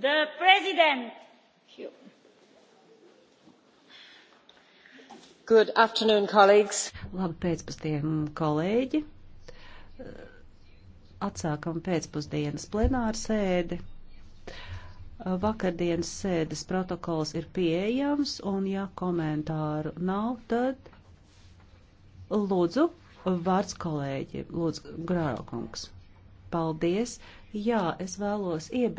the president good afternoon colleagues labu pēcpusdienu kolēģi atsākam pēcpusdienas plenārsēdi vakardienas sēdes protokols ir pieejams un ja komentāru nav tad lūdzu vārds kolēģi lūdzu grārokungs paldies jā es vēlos iebilst